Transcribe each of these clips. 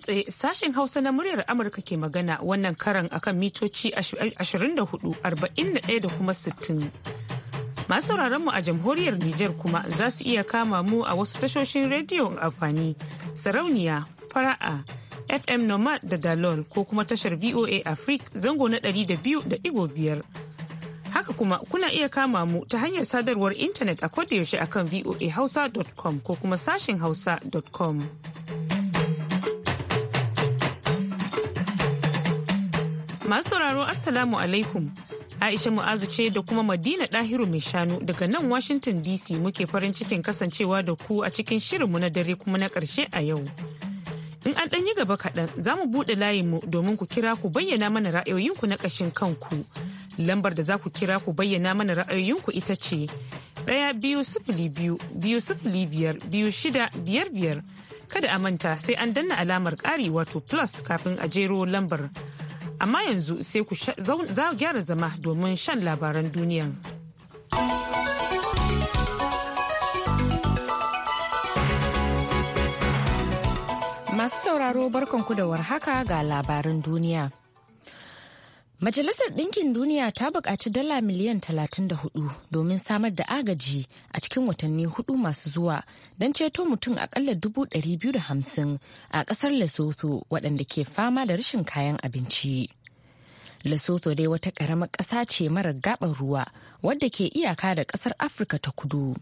tsaye sashen Hausa na muryar Amurka ke magana wannan karan akan mitoci 24,41 da kuma 60. Masu sauraron mu a jamhuriyar Nijar kuma za su iya kama mu a wasu tashoshin rediyo amfani, sarauniya, fara'a, FM Nomad da Dalol ko kuma tashar VOA afrik zango na da da biyu biyar Haka kuma kuna iya kama mu ta hanyar sadarwar intanet a kodayaushe akan voa hausa.com ko kuma sashen hausa.com. Masu sauraro Assalamu alaikum. Aisha Mu'azu ce da kuma Madina Dahiru mai shanu daga nan Washington DC muke farin cikin kasancewa da ku a cikin shirinmu na dare kuma na ƙarshe a yau. In an ɗan yi gaba kaɗan za mu buɗe layinmu domin ku kira ku bayyana mana ra'ayoyinku na ƙashin kanku. Lambar da za ku kira ku bayyana mana ra'ayoyinku ita ce ɗaya biyu sifili biyu biyu sifili biyar biyu shida biyar biyar. Kada a manta sai an danna alamar ƙari wato plus kafin a jero lambar. amma yanzu sai ku za gyara zama domin shan labaran duniya. Masu sauraro barkanku da haka ga labaran duniya. Majalisar Ɗinkin Duniya ta buƙaci dala miliyan 34 domin samar da agaji a cikin watanni hudu masu zuwa don ceto mutum akalla 250 a ƙasar Lesotho waɗanda ke fama da rashin kayan abinci. Lesotho dai wata ƙaramar ƙasa ce marar gaɓar ruwa wadda ke iyaka da ƙasar Afirka ta kudu.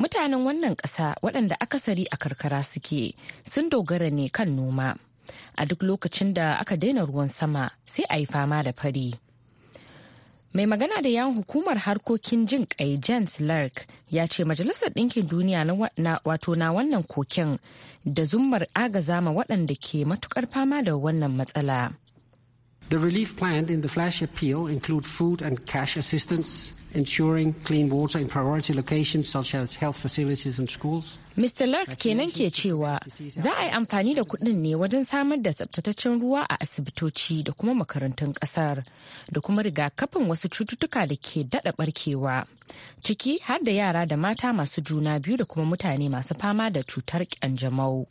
Mutanen wannan ƙasa waɗanda akasari a karkara suke sun dogara ne kan noma. a duk lokacin da aka daina ruwan sama sai a yi fama da fari. Mai magana da yawon hukumar harkokin jin kai James Lark ya ce Majalisar Ɗinkin Duniya na wato na wannan koken da zummar agaza ma waɗanda ke matukar fama da wannan matsala. The relief planned in the flash appeal include food and cash assistance ensuring clean water in priority locations such as health facilities and schools. Mr. Lark kenan ke cewa za a yi amfani da kuɗin ne wajen samar da tsabtataccen ruwa a asibitoci da kuma makarantun kasar da kuma rigakafin wasu cututtuka da ke daɗa barkewa ciki har da yara da mata masu juna biyu da kuma mutane masu fama da cutar ƙanjamau.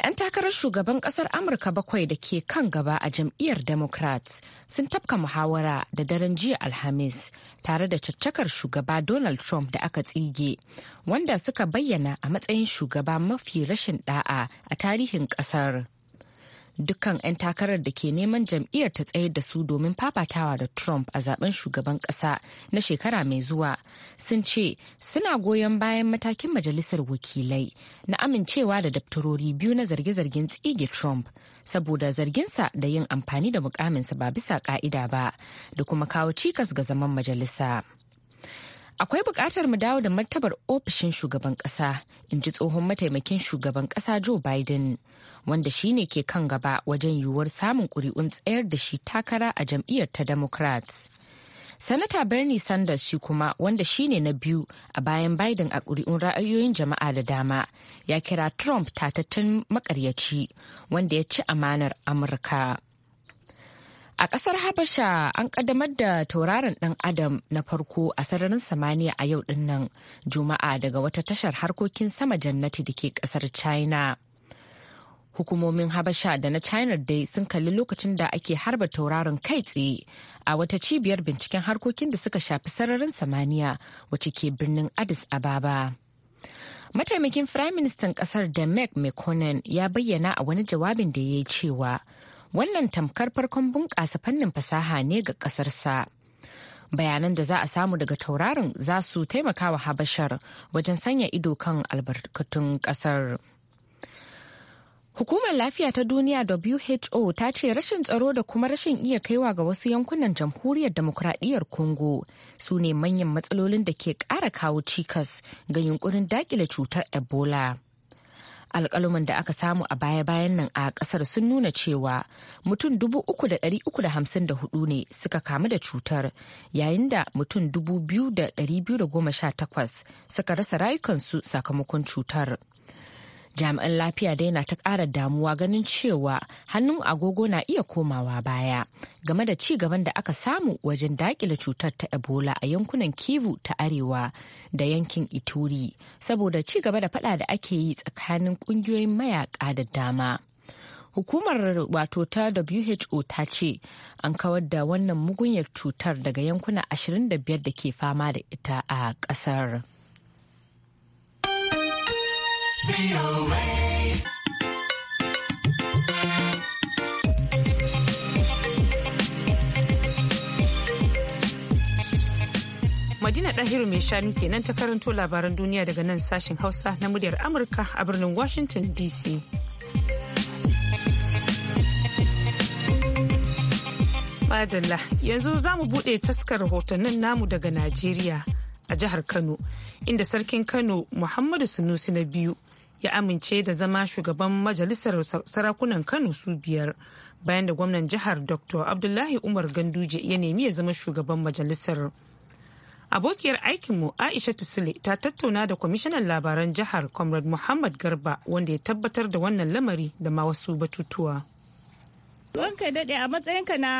'Yan takarar shugaban kasar Amurka bakwai da ke kan gaba a jam'iyyar Democrats sun tafka muhawara da daren jiya Alhamis tare da caccakar shugaba Donald Trump da aka tsige, wanda suka bayyana a matsayin shugaba mafi rashin da'a a tarihin kasar. dukkan 'yan takarar da ke neman jam'iyyar ta tsayar da su domin fafatawa da Trump a zaben shugaban kasa na shekara mai zuwa sun ce suna goyon bayan matakin majalisar wakilai na amincewa da daftarori biyu na zarge-zargen tsige Trump saboda zarginsa da yin amfani da mukaminsa ba bisa ka'ida ba da kuma kawo cikas ga zaman majalisa. akwai buƙatar mu dawo da martabar ofishin shugaban ƙasa in ji tsohon mataimakin shugaban ƙasa joe biden wanda shine ke kan gaba wajen yiwuwar samun ƙuri'un tsayar da shi takara a jam'iyyar ta democrats sanata bernie sanders shi kuma wanda shine na biyu a bayan biden a ƙuri'un ra'ayoyin jama'a da dama ya kira trump tatattun maƙaryaci, wanda ya ci amanar amurka A ƙasar Habasha an ƙaddamar da tauraron ɗan Adam na farko a sararin samaniya a yau dinnan Juma'a daga wata tashar harkokin sama jannati da ke ƙasar China. Hukumomin Habasha da na China dai sun kalli lokacin da ake harba tauraron kai tsaye a wata cibiyar binciken harkokin da suka shafi sararin samaniya wacce ke birnin Addis Ababa. Mataimakin Firayim Ministan ƙasar da Demek Mekonnen ya bayyana a wani jawabin da ya yi cewa wannan tamkar farkon bunƙasa fannin fasaha ne ga ƙasarsa. bayanan da za a samu daga tauraron za su taimaka habashar wajen sanya ido kan albarkatun ƙasar. Hukumar Lafiya ta Duniya WHO ta ce rashin tsaro da kuma rashin iya kaiwa ga wasu yankunan jamhuriyar demokuraɗiyyar Congo su ne manyan matsalolin da ke ƙara kawo cikas ga yunkurin daƙile cutar Ebola. alkaluman da aka samu a baya-bayan nan a kasar sun nuna cewa mutum da hudu ne suka kamu da cutar yayin da mutum 2,218 suka rasa rayukansu sakamakon cutar. jami'an lafiya dai na ta ƙara damuwa ganin cewa hannun agogo na iya komawa baya game da ci gaban da aka samu wajen daƙile cutar ta ebola a yankunan kivu ta arewa da yankin ituri saboda ci gaba da faɗa da ake yi tsakanin ƙungiyoyin mayaƙa da dama hukumar wato ta who ta ce an kawar da wannan mugunyar cutar daga yankuna 25 da ke fama da ita a ƙasar. Madina Dahiru mai shanu kenan ta karanto labaran duniya daga nan sashen Hausa na muryar Amurka a birnin Washington DC. Madalla yanzu za mu buɗe taskar rahotannin namu daga Najeriya a jihar Kano inda sarkin Kano Muhammadu Sunusi na biyu ya amince da zama shugaban majalisar sarakunan kano su biyar bayan da gwamnan jihar dr abdullahi umar ganduje ya nemi ya zama shugaban majalisar abokiyar aikinmu aisha tusile ta tattauna da kwamishinan labaran jihar comrade muhammad garba wanda ya tabbatar da wannan lamari da ma wasu batutuwa Wanka daɗe a matsayinka na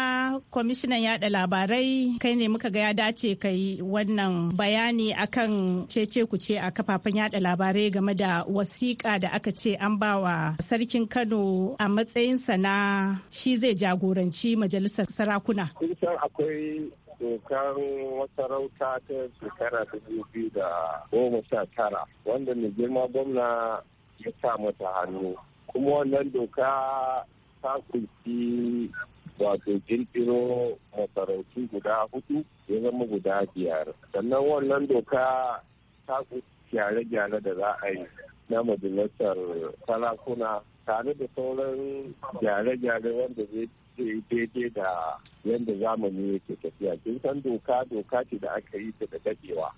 kwamishinan yada labarai kai ne muka ga ya dace kai wannan bayani akan cece ku ce a kafafen yada labarai game da wasiƙa da aka ce an ba wa sarkin Kano a matsayinsa na shi zai jagoranci majalisar sarakuna. Kun akwai dokar masarauta ta shekara ta biyu da goma sha tara wanda mai girma gwamna ya sa mata hannu. Kuma wannan doka ta kunshi wato kirkiro masarautu guda hudu ya zama guda biyar sannan wannan doka ta gyare-gyare da za a yi na majalisar sarakuna tare da sauran gyare-gyare wanda zai daidai da yadda zamani yake tafiya kin san doka doka ce da aka yi ta da dadewa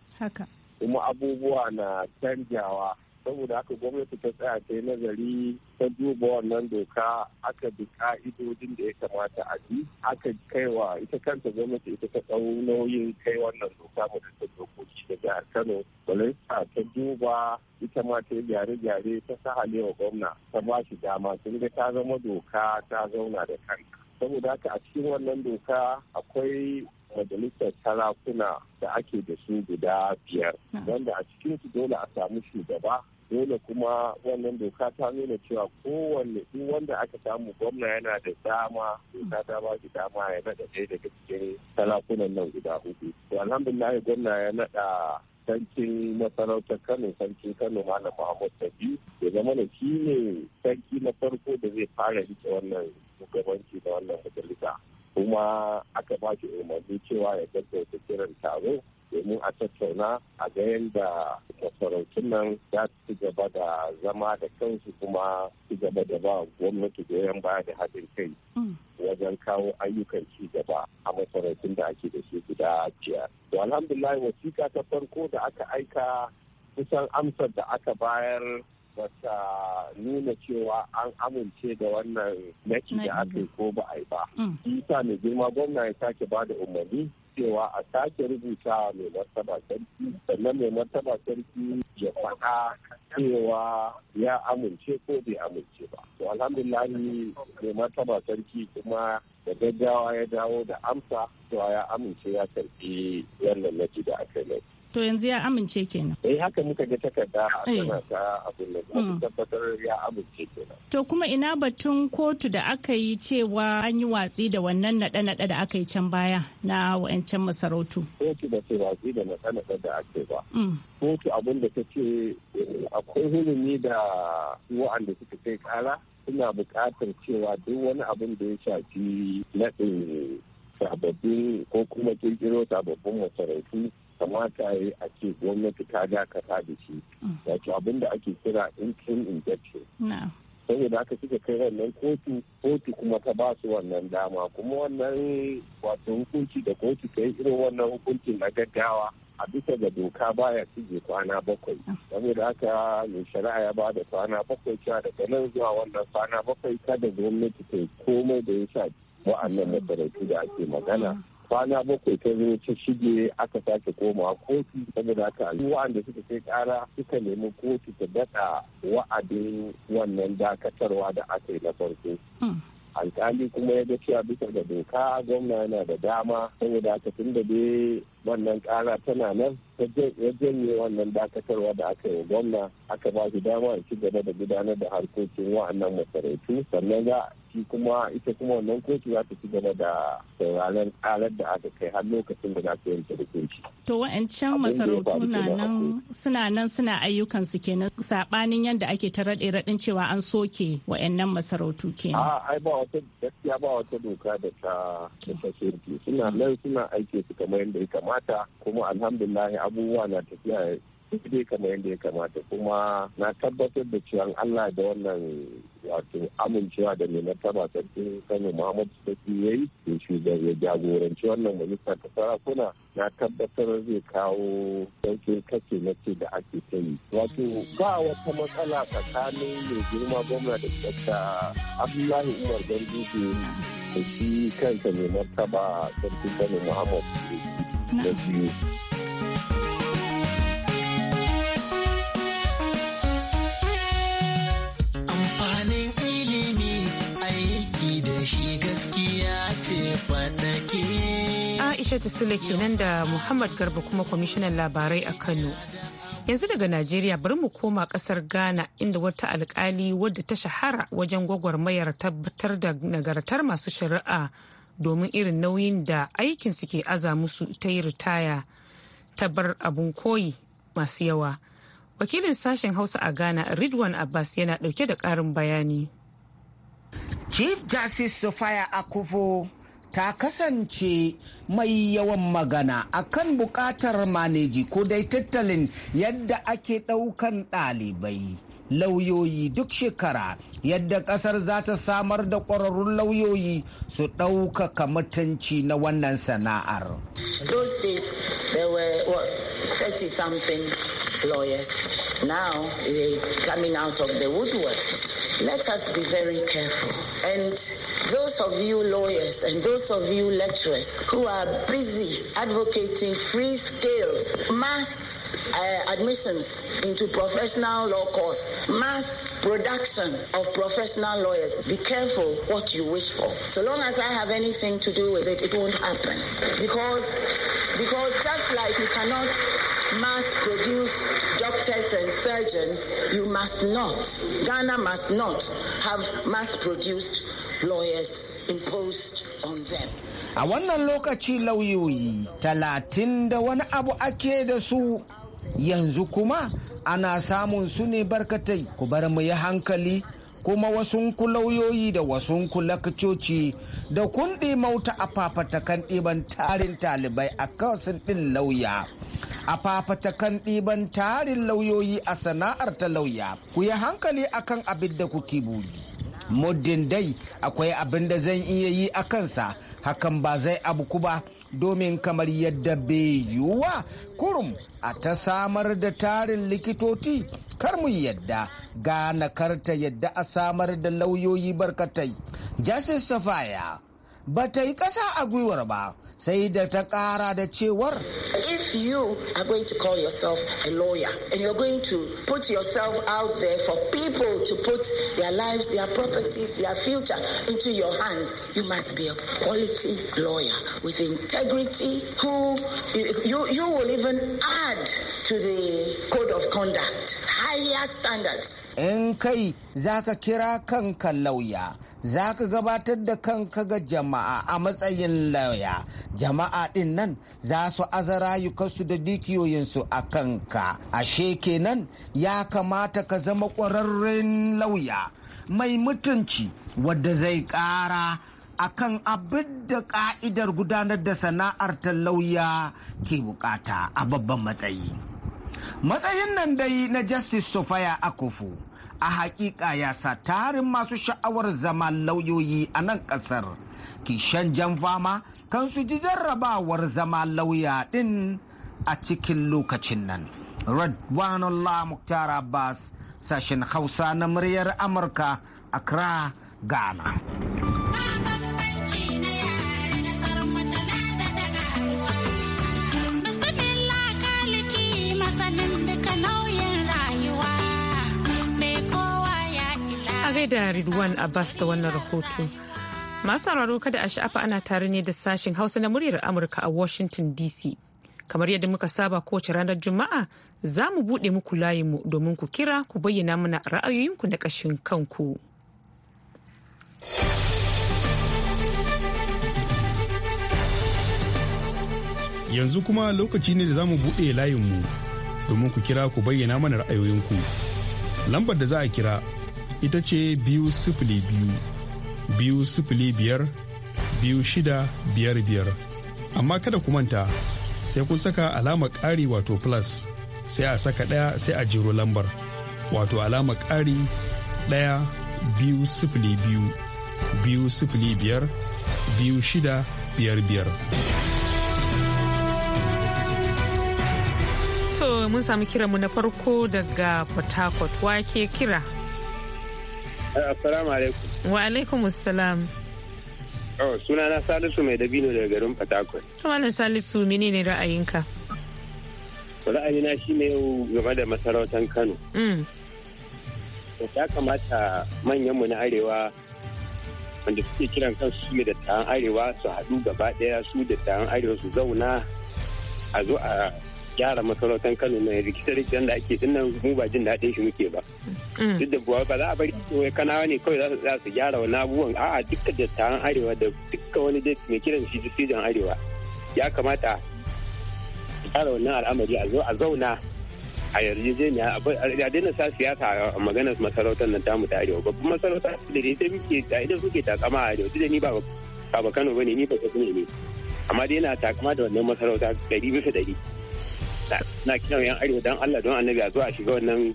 kuma abubuwa na canjawa saboda haka gwamnati ta tsaya ta yi nazari ta duba wannan doka aka bi ka'idodin da ya kamata a bi aka kaiwa ita kanta gwamnati ita ta ɗau nauyin kai wannan doka ta dokoki da jihar kano balista ta duba ita ma ta gyare-gyare ta sahalewa gwamna ta ba shi dama sun ga ta zama doka ta zauna da kanta saboda haka a cikin wannan doka akwai majalisar sarakuna da ake da su guda biyar mm. wanda a cikin cikinsu dole a samu shugaba dole kuma wannan doka ta nuna cewa kowanne duk wanda aka samu gwamna yana da dama doka ta ba shi dama ya naɗa ɗaya daga cikin talakunan nan guda hudu to alhamdulillah gwamna ya naɗa sarkin masarautar kano sarkin kano malam muhammad Sabi ya zama da shi ne sarki na farko da zai fara rike wannan shugabanci da wannan majalisa kuma aka ba shi umarni cewa ya gaggauta kiran taro domin a tattauna a ga yadda masarautun nan za su ci gaba da zama da kansu kuma ci gaba da ba gwamnati goyon baya da haɗin kai mm. wajen kawo ayyukan ci gaba a masarautun da ake da su guda biyar. To alhamdulillah wasiƙa ta farko da aka aika kusan amsar da aka bayar ba ta nuna cewa an amince da wannan naki da aka yi ko ba a yi ba. Mm. Isa mai girma gwamna ya sake ba da umarni cewa a sake rubuta mai martaba sarki sannan mai martaba sarki ya faɗa cewa ya amince ko bai amince ba to alhamdulillahi mai martaba sarki kuma da gaggawa ya dawo da amsa cewa ya amince ya karɓi wannan naci da aka yi To yanzu ya amince kenan. Eh haka muka ga takarda a sanata eh. abin da mm. tabbatar ya amince kenan. To kuma ina batun kotu da aka yi cewa an yi watsi da wannan naɗe-naɗe da aka yi can baya na wa'ancan masarautu. Kotu da ce watsi da naɗe-naɗe da ake ba. Mm. Kotu abin da ta ce eh, akwai hulumi da wa'anda suka kai kara suna buƙatar cewa duk wani abin da ya shafi naɗin sababbin ko kuma kirkiro sababbin masarautu kamata ya a ce gwamnati ta dakata da shi mm. wato abin da ake kira interim injection saboda aka suka kai wannan kotu kotu kuma ta ba su wannan dama kuma wannan wato hukunci da kotu ta yi irin wannan hukunci na gaggawa a bisa ga doka baya cije kwana bakwai mm. saboda aka mai shari'a ya ba da kwana bakwai cewa daga nan zuwa wannan kwana bakwai kada gwamnati ta yi komai da ya sa wa'annan da ake magana mm. kwana bakwai ta zo ta shige aka sake komawa kotu saboda haka wa'anda suka kai kara suka nemi kotu ta daɗa wa'adin wannan dakatarwa da aka yi na farko hmm. alkali kuma ya ga cewa bisa ga doka gwamna yana da dama saboda haka tun da dai wannan kara tana nan ya janye wannan dakatarwa da aka yi gwamna aka ba shi dama a ci gaba da gudanar da harkokin wa'annan masarautu sannan za shi kuma ita kuma wannan kotu za ta ci gaba da sauraron karar da aka kai har lokacin da za ta yanke hukunci. To wa'ancan masarautu na nan suna nan suna ayyukan kenan sabanin yadda ake ta raɗe raɗin cewa an soke wa'annan masarautu kenan. A ai ba wata gaskiya ba wata doka da ta ta suna nan suna aiki su kamar yadda ya kama. kamata kuma alhamdulillah abubuwa na tafiya dai kamar yadda ya kamata kuma na tabbatar da cewa Allah da wannan wato amincewa da mai martaba sarkin Kano Muhammad Saki ya yi ya shugaba ya jagoranci wannan majalisa ta sarakuna na tabbatar zai kawo sauƙin kace na ce da ake ta yi. Wato ba wata matsala tsakanin mai girma gwamna da tsakka Abdullahi Umar Ganduje da shi kansa mai martaba sarkin Kano Muhammad Aisha Sule kenan da Muhammad Garba kuma kwamishinan labarai a Kano. Yanzu daga Najeriya bari mu koma kasar Ghana inda wata alkali wadda ta shahara wajen gwagwarmayar tabbatar da nagartar masu shari'a domin irin nauyin da aikin suke aza musu ta yi ritaya ta bar abun koyi masu yawa. Wakilin sashen Hausa a Ghana Ridwan Abbas yana dauke da karin bayani. Chief Justice Sophia Akufo ta kasance mai yawan magana a kan bukatar maneji ko dai tattalin yadda ake ɗaukan ɗalibai lauyoyi duk shekara yadda kasar za ta samar da ƙwararrun lauyoyi su ɗaukaka mutunci na wannan sana'ar. Those days there were what, 30 something lawyers. Now they coming out of the woodwork. Let us be very careful. And those of you lawyers and those of you lecturers who are busy advocating free scale, mass uh, admissions into professional law course, mass production of professional lawyers. Be careful what you wish for. So long as I have anything to do with it, it won't happen. Because, because just like you cannot mass produce doctors and surgeons, you must not, Ghana must not have mass produced lawyers imposed on them. A wannan lokaci lauyoyi talatin da wani abu ake da su yanzu kuma ana samun su ne barkatai ku bar mu yi hankali kuma wasu lauyoyi da wasu lakacoci da kun mauta a fafatakan ɗiban tarin talibai a kasin ɗin lauya a fafatakan ɗiban tarin lauyoyi a sana'ar ta lauya ku yi hankali akan abin da kuke buri muddin dai akwai abin da zan iya yi a kansa hakan ba zai abu ku ba domin kamar yadda bai yiwuwa kurum a ta samar da tarin likitoci kar mu yadda gana karta yadda a samar da lauyoyi barkatai justice safaya ba ta yi ƙasa a gwiwar ba sai da ta kara da cewar if you are going to call yourself a lawyer and you're going to put yourself out there for people to put their lives their properties their future into your hands you must be a quality lawyer with integrity who you you will even add to the code of conduct higher standards. In kai zaka kira kanka lauya, zaka gabatar da kanka ga jama'a a matsayin lauya. Jama'a din nan za su aza rayukansu da dukiyoyinsu a kanka. Ashe kenan ya kamata ka zama ƙwararren lauya mai mutunci wadda zai ƙara akan abin da ka'idar gudanar da sana'ar ta lauya ke bukata a babban matsayi. matsayin nan dai na justice sofaya Akufu, a hakika ya sa tarin masu sha'awar zama lauyoyi a nan kasar kishan jan fama kan su ji jarrabawar zama lauya din a cikin lokacin nan radwanullah muktar abbas sashen hausa na muryar amurka accra ghana da Ridwan Abbas da wannan rahoto. Masu sauraro kada a sha'afa ana tare ne da sashen Hausa na muryar Amurka a Washington DC. Kamar yadda muka saba kowace ranar Juma'a za mu buɗe muku layinmu domin ku kira ku bayyana mana ra'ayoyinku na ƙashin kanku. Yanzu kuma lokaci ne da za mu buɗe layinmu domin ku kira ku bayyana mana ra'ayoyinku. Lambar da za a kira ita ce biyu sifili biyu biyu sifili biyar biyu shida biyar biyar amma kada ku manta sai kun saka alama ƙari wato plus sai a saka ɗaya sai a jiro lambar wato alama ƙari ɗaya biyu sifili biyu biyu sifili biyar biyu shida biyar biyar. To mun sami kiranmu na farko daga Port Harcourt wake kira Assalamu alaikum. Wa alaikum assalam. Oh, suna na Salisu mai dabino daga garin Fatakwal. na Salisu mini menene ra'ayinka? Ra'ayina shi ne yau game da masarautar Kano. Da mm. ta kamata manyanmu na Arewa wanda suke kiran kansu su da ta'an Arewa su haɗu gaba ɗaya su da ta'an Arewa su zauna a zo a gyara masarautar kano mai rikice-rikicen da ake nan mu ba jin daɗin shi muke ba mm. duk da buwa ba za a bari wai kanawa ne kawai za su gyara wani abubuwan a'a duka da taron arewa da duka wani da mai kiran shi dattijan arewa ya kamata a gyara wannan al'amari a zo a zauna a yarjejeniya a daina sa siyasa a maganar masarautar nan tamu ta arewa babban masarauta da ita muke da muke suke takama a arewa duk da ni ba ba kano ne ni ba kasu ne amma dai na takama da wannan masarauta ɗari bisa ɗari na kiran yan arewa don Allah don annabi a zo a shiga wannan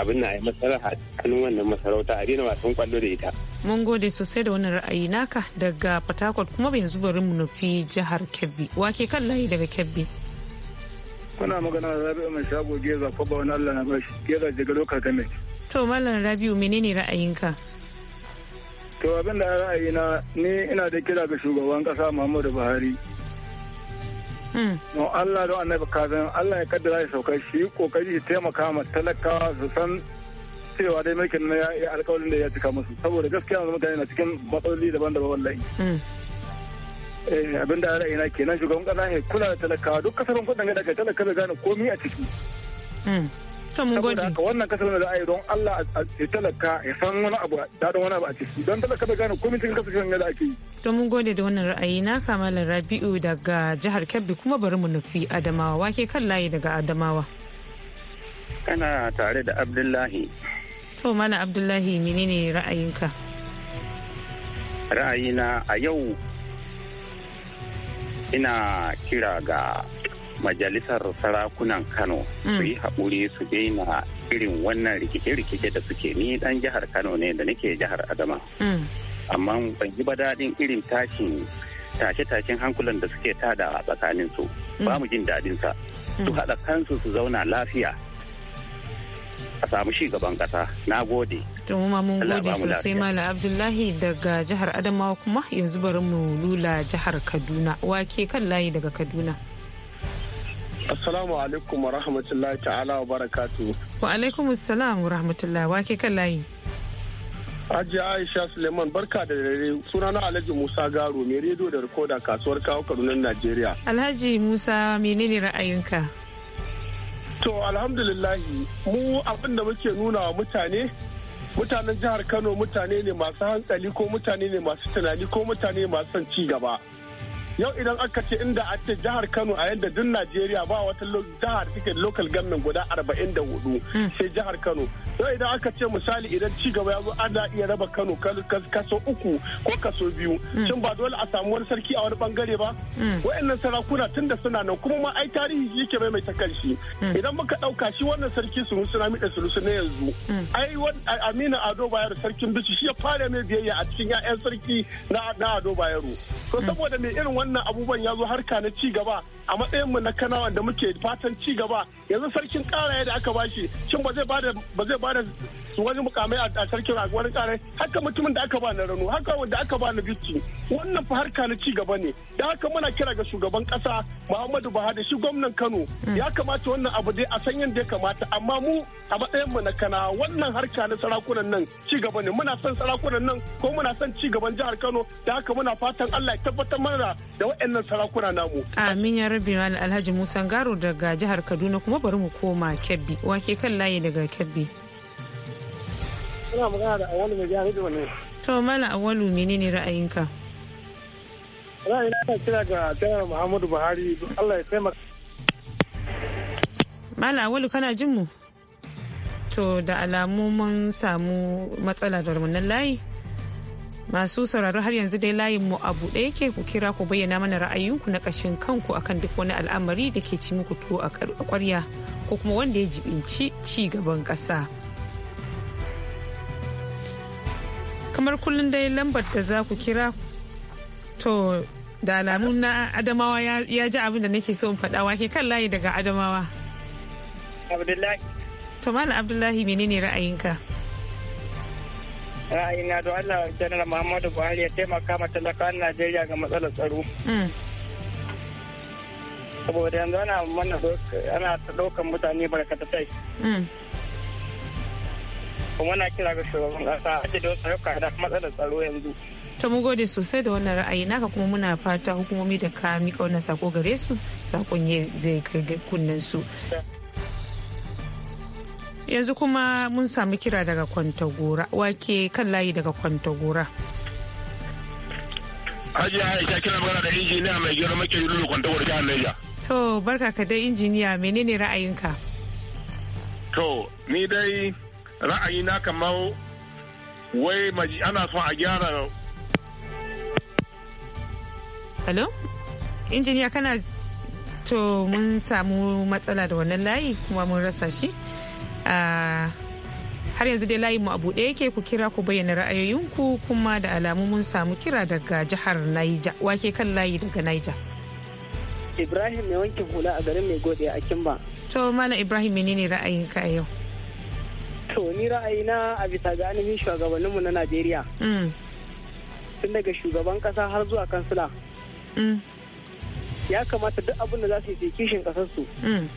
abin na masaraha tsakanin wannan masarauta a daina wasan kwallo da ita. Mun gode sosai da wannan ra'ayi naka daga Fatakwal kuma bai yanzu bari mu nufi jihar Kebbi. Wake kan layi daga Kebbi. Muna magana da Rabi'u mai shago Geza ko ba wani Allah na bashi Geza daga lokar game. To Malam Rabi'u menene ra'ayinka? To abin da na ni ina da kira ga shugaban kasa Muhammadu Buhari. no Allah da annabi kazan Allah ya kaddara ya sauka shi kokari ya taimaka ma talakawa su san cewa dai mulkin na ya alƙawarin da ya cika musu saboda gaskiya yanzu mutane na cikin matsaloli daban-daban wallahi mm. eh, abin da ra'ayi na kenan shugaban kasa ya kula da talakawa duk kasafin kudin ga daga talaka bai gane komai a ciki mm. saboda haka wannan kasar da za yi don Allah ya talaka ya san wani abu daɗin wani abu a ciki don talaka da gane komai cikin kasashen da ake yi. To mun gode da wannan ra'ayi na kamalan Rabi'u daga jihar Kebbi kuma bari mu nufi Adamawa wake kan layi daga Adamawa. Kana tare da Abdullahi. To mana Abdullahi menene ra'ayinka? Ra'ayina a yau ina kira ga majalisar sarakunan kano mm. su yi haƙuri su daina irin wannan rikice-rikice da suke ni dan jihar kano ne da nake jihar adama mm. amma ban yi ba daɗin irin tashin tashe-tashen hankulan da suke tada a tsakanin su mm. ba mu jin daɗin sa su haɗa kansu su zauna lafiya a samu shi gaban ƙasa na gode to mun gode sosai malam abdullahi daga jihar adamawa kuma yanzu bari mu lula jihar kaduna wake kan layi daga kaduna Assalamu alaikum wa rahmatullahi ta'ala wa barakatu. Wa alaikum assalam wa rahmatullahi wa ke kan layi. Hajji Aisha Suleiman barka da dare sunana Alhaji Musa Garo mai rediyo da rikoda kasuwar kawo Kaduna Najeriya. Alhaji Musa menene ra'ayinka? To alhamdulillahi mu abin da muke nuna wa mutane mutanen jihar Kano mutane ne masu hankali ko mutane ne masu tunani ko mutane masu son ci gaba. yau idan aka ce inda a ce jihar kano a yadda duk najeriya ba wata jihar take local gamin guda arba'in da hudu sai jihar kano yau idan aka ce misali idan ci gaba ya zo ana iya raba kano kaso uku ko kaso biyu shin ba dole a samu wani sarki a wani bangare ba wa'annan sarakuna tun da suna nan kuma ma ai tarihi shi yake mai kanshi idan muka ɗauka shi wannan sarki su musu na miɗa sulusu na yanzu ai amina ado bayero sarkin bisu shi ya fara mai biyayya a cikin 'ya'yan sarki na ado bayero to saboda mai irin wannan abubuwan ya zo harka na ci gaba a matsayin mu na kanawa da muke fatan ci gaba yanzu sarkin karaya da aka bashi shin ba zai bada ba zai bada wani mukamai a sarkin wani karaya haka mutumin da aka ba na rano haka wanda aka ba na bici wannan fa harka na ci gaba ne da haka muna kira ga shugaban kasa Muhammadu Buhari shi gwamnan Kano mm. ya kamata wannan abu dai a san yadda ya kamata amma mu a matsayin mu na kana wannan harka na sarakunan nan ci gaba ne muna son sarakunan nan ko muna son ci gaban jihar Kano da haka muna fatan Allah ya tabbatar mana da waɗannan sarakuna namu. Amin ya rabi mal Alhaji Musa Garo daga jihar Kaduna kuma bari mu koma Kebbi. Wake kan layi daga Kebbi. Ina magana da Awalu mai jihar Hidima ne. To Mala Awalu menene ra'ayinka? Ra'ayina ta kira ga Jihar Muhammadu Buhari Allah ya taimaka. Mala Awalu kana jin mu? To da alamu mun samu matsala da wannan layi. masu sauraro har yanzu dai layin mu a buɗe yake ku kira ku bayyana mana ra'ayinku na ƙashin kanku akan duk wani al'amari da ke ci muku tuwo a ƙwarya ko kuma wanda ya jibinci ci gaban ƙasa. kamar kullum dai lambar da za ku kira to da alamun na adamawa ya ji abin da nake so in faɗa wake kan layi daga adamawa abdullahi to malam abdullahi menene ra'ayinka ra'ayina da Allah janar Muhammadu Buhari ya taimaka ma talakawan Najeriya ga matsalar tsaro. Hmm. Saboda yanzu ana mana ana ɗaukan mutane barkatatai. Hmm. Kuma na kira ga shugaban ƙasa a da wasu ayyuka da matsalar tsaro yanzu. ta mu gode sosai da wannan ra'ayi naka kuma muna fata hukumomi da ka mika wannan sako gare su sakon zai kai kunnen su. yanzu kuma mun samu kira daga kwantagora wake kan layi daga kwantagora hajiya aisha kira magana da injiniya mai gero maki lulu kwantagora jihar Niger. to barka ka dai injiniya menene ra'ayinka to ni dai ra'ayi na kamar wai ana son a gyara Hello? Injiniya kana to mun samu matsala da wannan layi kuma mun rasa shi? har yanzu dai layinmu a buɗe yake ku kira ku bayyana ra'ayoyinku kuma da alamu mun samu kira daga jihar Naija wake kan layi daga Naija. Ibrahim mai wankin hula a garin mai gode a Kimba. To Malam Ibrahim menene ra'ayinka a yau? To ni ra'ayina a bisa ga ainihin shugabanninmu na Najeriya. Mm. Tun daga shugaban kasa har zuwa kansila. Mm. Ya kamata duk abin da za su yi kishin kasarsu. Mm.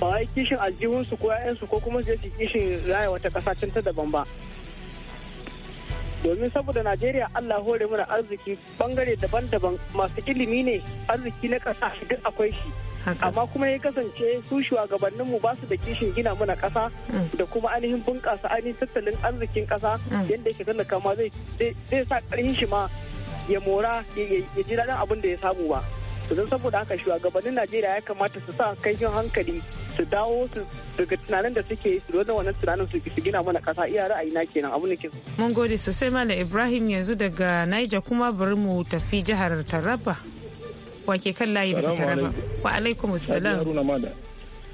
ba wai kishin aljihunsu ko 'ya'yansu ko kuma su kishin raya wata ƙasa can ta daban ba domin saboda najeriya allah hore mana arziki bangare daban-daban masu ilimi ne arziki na ƙasa duk akwai shi amma kuma ya kasance su shugabannin mu ba su da kishin gina mana ƙasa mm. da kuma ainihin bunƙasa ainihin tattalin arzikin ƙasa mm. yadda yake tallaka ma zai sa ƙarfin shi ma ya mora ya ji daɗin abin da ya samu ba don saboda haka shugabannin najeriya ya kamata su sa kaifin hankali su dawo su daga tunanin da suke su da wannan tunanin su gina mana kasa iya ra'ayi na kenan abu ne ke mun gode sosai mala ibrahim yanzu daga niger kuma bari mu tafi jihar taraba wake kan layi daga taraba wa alaikum salam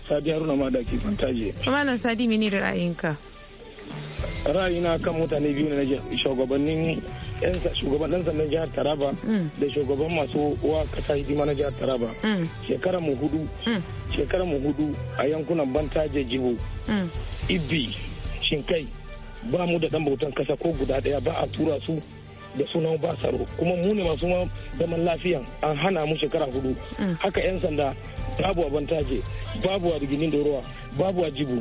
sadi haruna ma da ke fantaje malam sadi mene da ra'ayinka ra'ayina kan mutane biyu ne na shugabannin shugaban dan sandan jihar taraba mm. da shugaban masu wa kasa hidima na jihar taraba mm. shekara mu hudu mm. shekara mu hudu a yankunan bantaje jibo ibi shinkai ba mu da dan bautan kasa ko guda ɗaya ba a tura su da sunan ba saro kuma mu ne masu zaman lafiya an hana mu shekara hudu haka yan sanda babu a bantaje babu a da ruwa babu a jibu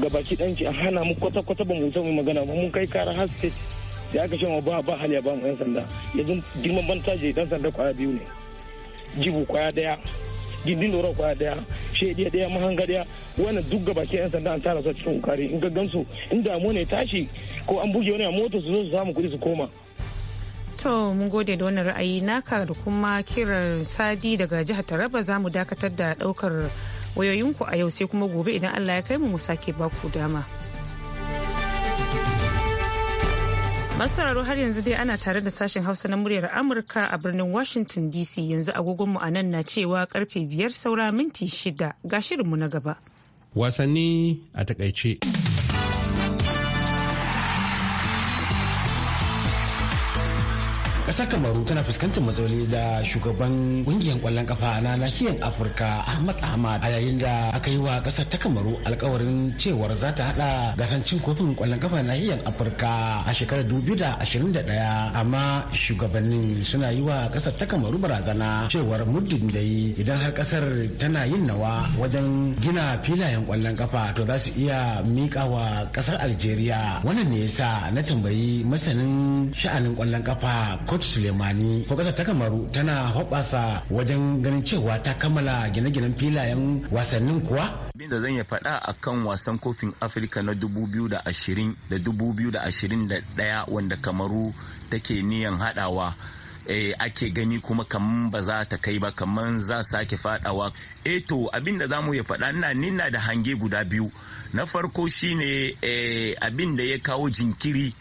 gabaki danki an hana mu kwata-kwata ba mu san magana mun kai kara har ya aka cewa ba ba hali ya ba mu yan sanda yanzu girman bantaje dan sanda kwaya biyu ne jibu kwaya daya gindin doro kwaya daya shediya daya mahanga daya wannan duk gaba ke yan sanda an tara su cikin kokari in gaggan su in damu ne tashi ko an buge wani a mota su zo su samu kudi su koma to mun gode da wannan ra'ayi naka da kuma kiran sadi daga jihar taraba za mu dakatar da daukar wayoyinku a yau sai kuma gobe idan allah ya kai mu mu baku dama. masu sauraro har yanzu dai ana tare da sashen hausa na muryar amurka a birnin washington dc yanzu agogonmu a nan na cewa karfe biyar saura minti shida ga shirinmu na gaba wasanni a takaice kasar kamaru tana fuskantar matsaloli da shugaban kungiyar kwallon kafa na nahiyar afirka ahmad ahmad a yayin da aka yi wa kasar ta kamaru alkawarin cewar za ta hada gasan cin kofin kwallon kafa nahiyar afirka a shekarar 2021 amma shugabannin suna yi wa kasar ta kamaru barazana cewar muddin da yi idan har kasar tana yin nawa wajen gina filayen kwallon kafa to za su iya mika wa kasar algeria wannan ne yasa na tambayi masanin sha'anin kwallon kafa Ramatu Suleimani kasa ta Kamaru tana hoɓasa wajen ganin cewa ta kammala gine-ginen filayen wasannin kuwa. Abin da zan ya faɗa a kan wasan kofin Afirka na 2020 da 2021 wanda Kamaru take niyan haɗawa. E, ake gani kuma kaman ba za ta kai ba kaman za sake fadawa e eh to abin da zamu ya faɗa ina nina da hange guda biyu na farko shine e, abin da ya kawo jinkiri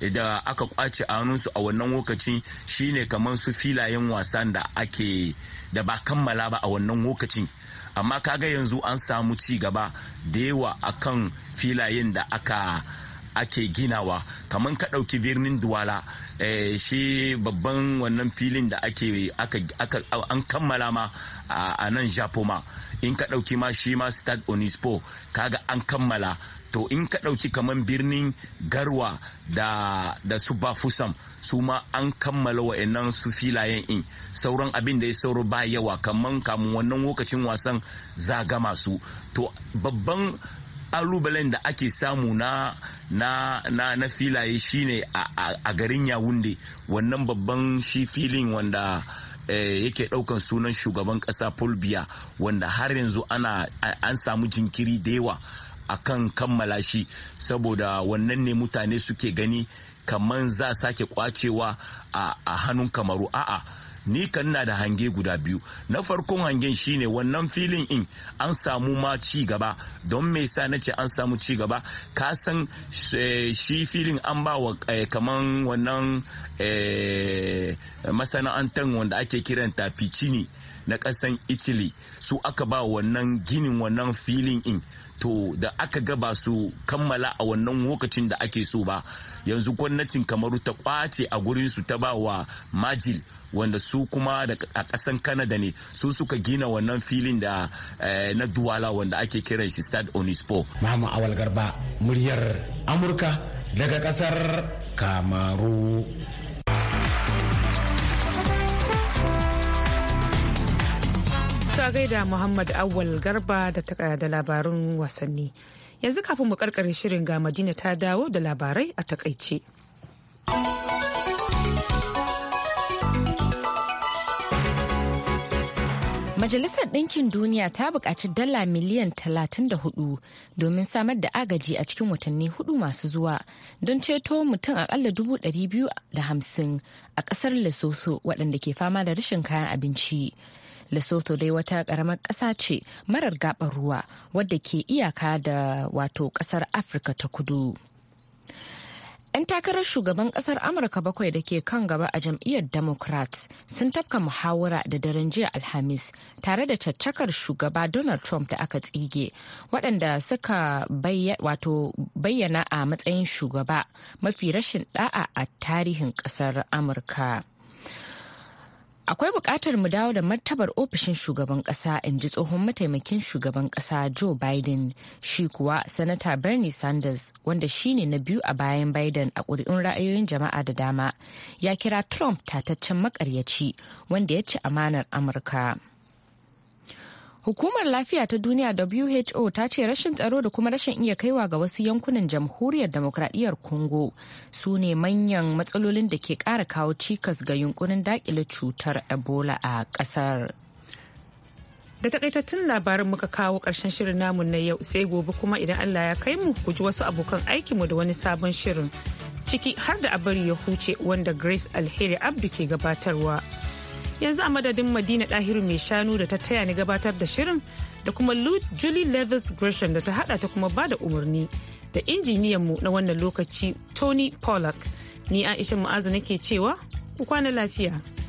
da aka kwace a hannunsu a wannan lokaci shine kamar su filayen wasan da ake da ba kammala ba a wannan lokacin amma kaga yanzu an samu ci gaba da yawa akan filayen da aka ake ginawa kamar ka ɗauki birnin duwala eh, shi babban wannan filin da ake an kammala ma a nan japoma in ka ɗauki ma shi ma stad onispo kaga an kammala to in ka ɗauki kamar birnin garwa da, da su bafusam su ma an kammala wa'annan su filayen in sauran abin da ya sauro ba yawa kamar kamun wannan lokacin wasan zaga masu to babban alubalen da ake samu na na na, na filaye shine a, a, a garin yawunde wannan babban shi filin wanda Eh, yake daukan sunan shugaban kasa fulbiya wanda har yanzu ana an samu jinkiri da yawa a kan kammala shi saboda wannan ne mutane suke gani kamar za sake kwacewa a hannun kamaru a'a ni kan na da hange guda biyu na farkon hangen shine wannan filin in an samu ma ci gaba don me yasa nace an samu ci gaba ka san eh, shi filin an ba wa eh, kaman wannan eh, masana'antar wanda ake kiranta ficini na kasan italy su aka ba wannan ginin wannan filin in to da aka gaba su kammala a wannan lokacin da ake so ba yanzu gwamnatin kamaru ta kwace a gurin su ta ba wa majil wanda su kuma a kasan kanada ne su suka gina wannan filin da eh, na duwala wanda ake kiran shi stade onispo mama awal garba muryar amurka daga kasar kamaru ta gaida Muhammad Awal Garba da labarun wasanni. yanzu kafin mu karkare shirin ga madina ta dawo da labarai a takaice Majalisar Ɗinkin Duniya ta buƙaci dala miliyan 34 domin samar da agaji a cikin watanni hudu masu zuwa don ceto mutum akalla 250 a ƙasar Lesotho waɗanda ke fama da rashin kayan abinci. lesotho dai wata karamar ƙasa ce marar gaɓar ruwa wadda ke iyaka da wato ƙasar afirka ta kudu 'Yan takarar shugaban kasar Amurka bakwai da ke kan gaba a jam'iyyar Democrats sun tafka muhawara da daren jiya Alhamis tare da caccakar shugaba Donald Trump da aka tsige waɗanda suka bayyana a matsayin shugaba mafi rashin da'a a tarihin kasar Amurka. akwai buƙatar mu dawo da martabar ofishin shugaban ƙasa in ji tsohon mataimakin shugaban ƙasa joe biden shi kuwa sanata bernie sanders wanda shi ne na biyu a bayan biden a ƙuri'un ra'ayoyin jama'a da dama ya kira trump tataccen makaryaci wanda ya ci amanar amurka Hukumar lafiya ta duniya WHO ta ce rashin tsaro da kuma rashin iya kaiwa ga wasu yankunan jamhuriyar demokradiyyar Congo su ne manyan matsalolin da ke kara kawo cikas ga yunkurin dakile cutar Ebola a kasar. Da takaitattun labarin muka kawo karshen shirin namu na yau sai gobe kuma idan Allah ya kai mu ku ji wasu abokan mu da wani sabon shirin ciki har da a ya huce wanda Grace Alheri Abdu ke gabatarwa. yanzu a madadin madina dahiru mai shanu da ta taya ni gabatar da shirin da kuma julie levis gresham da ta hada ta kuma bada umarni da injiniyanmu na wannan lokaci tony pollock ni aisha mu'azu nake cewa ku kwana lafiya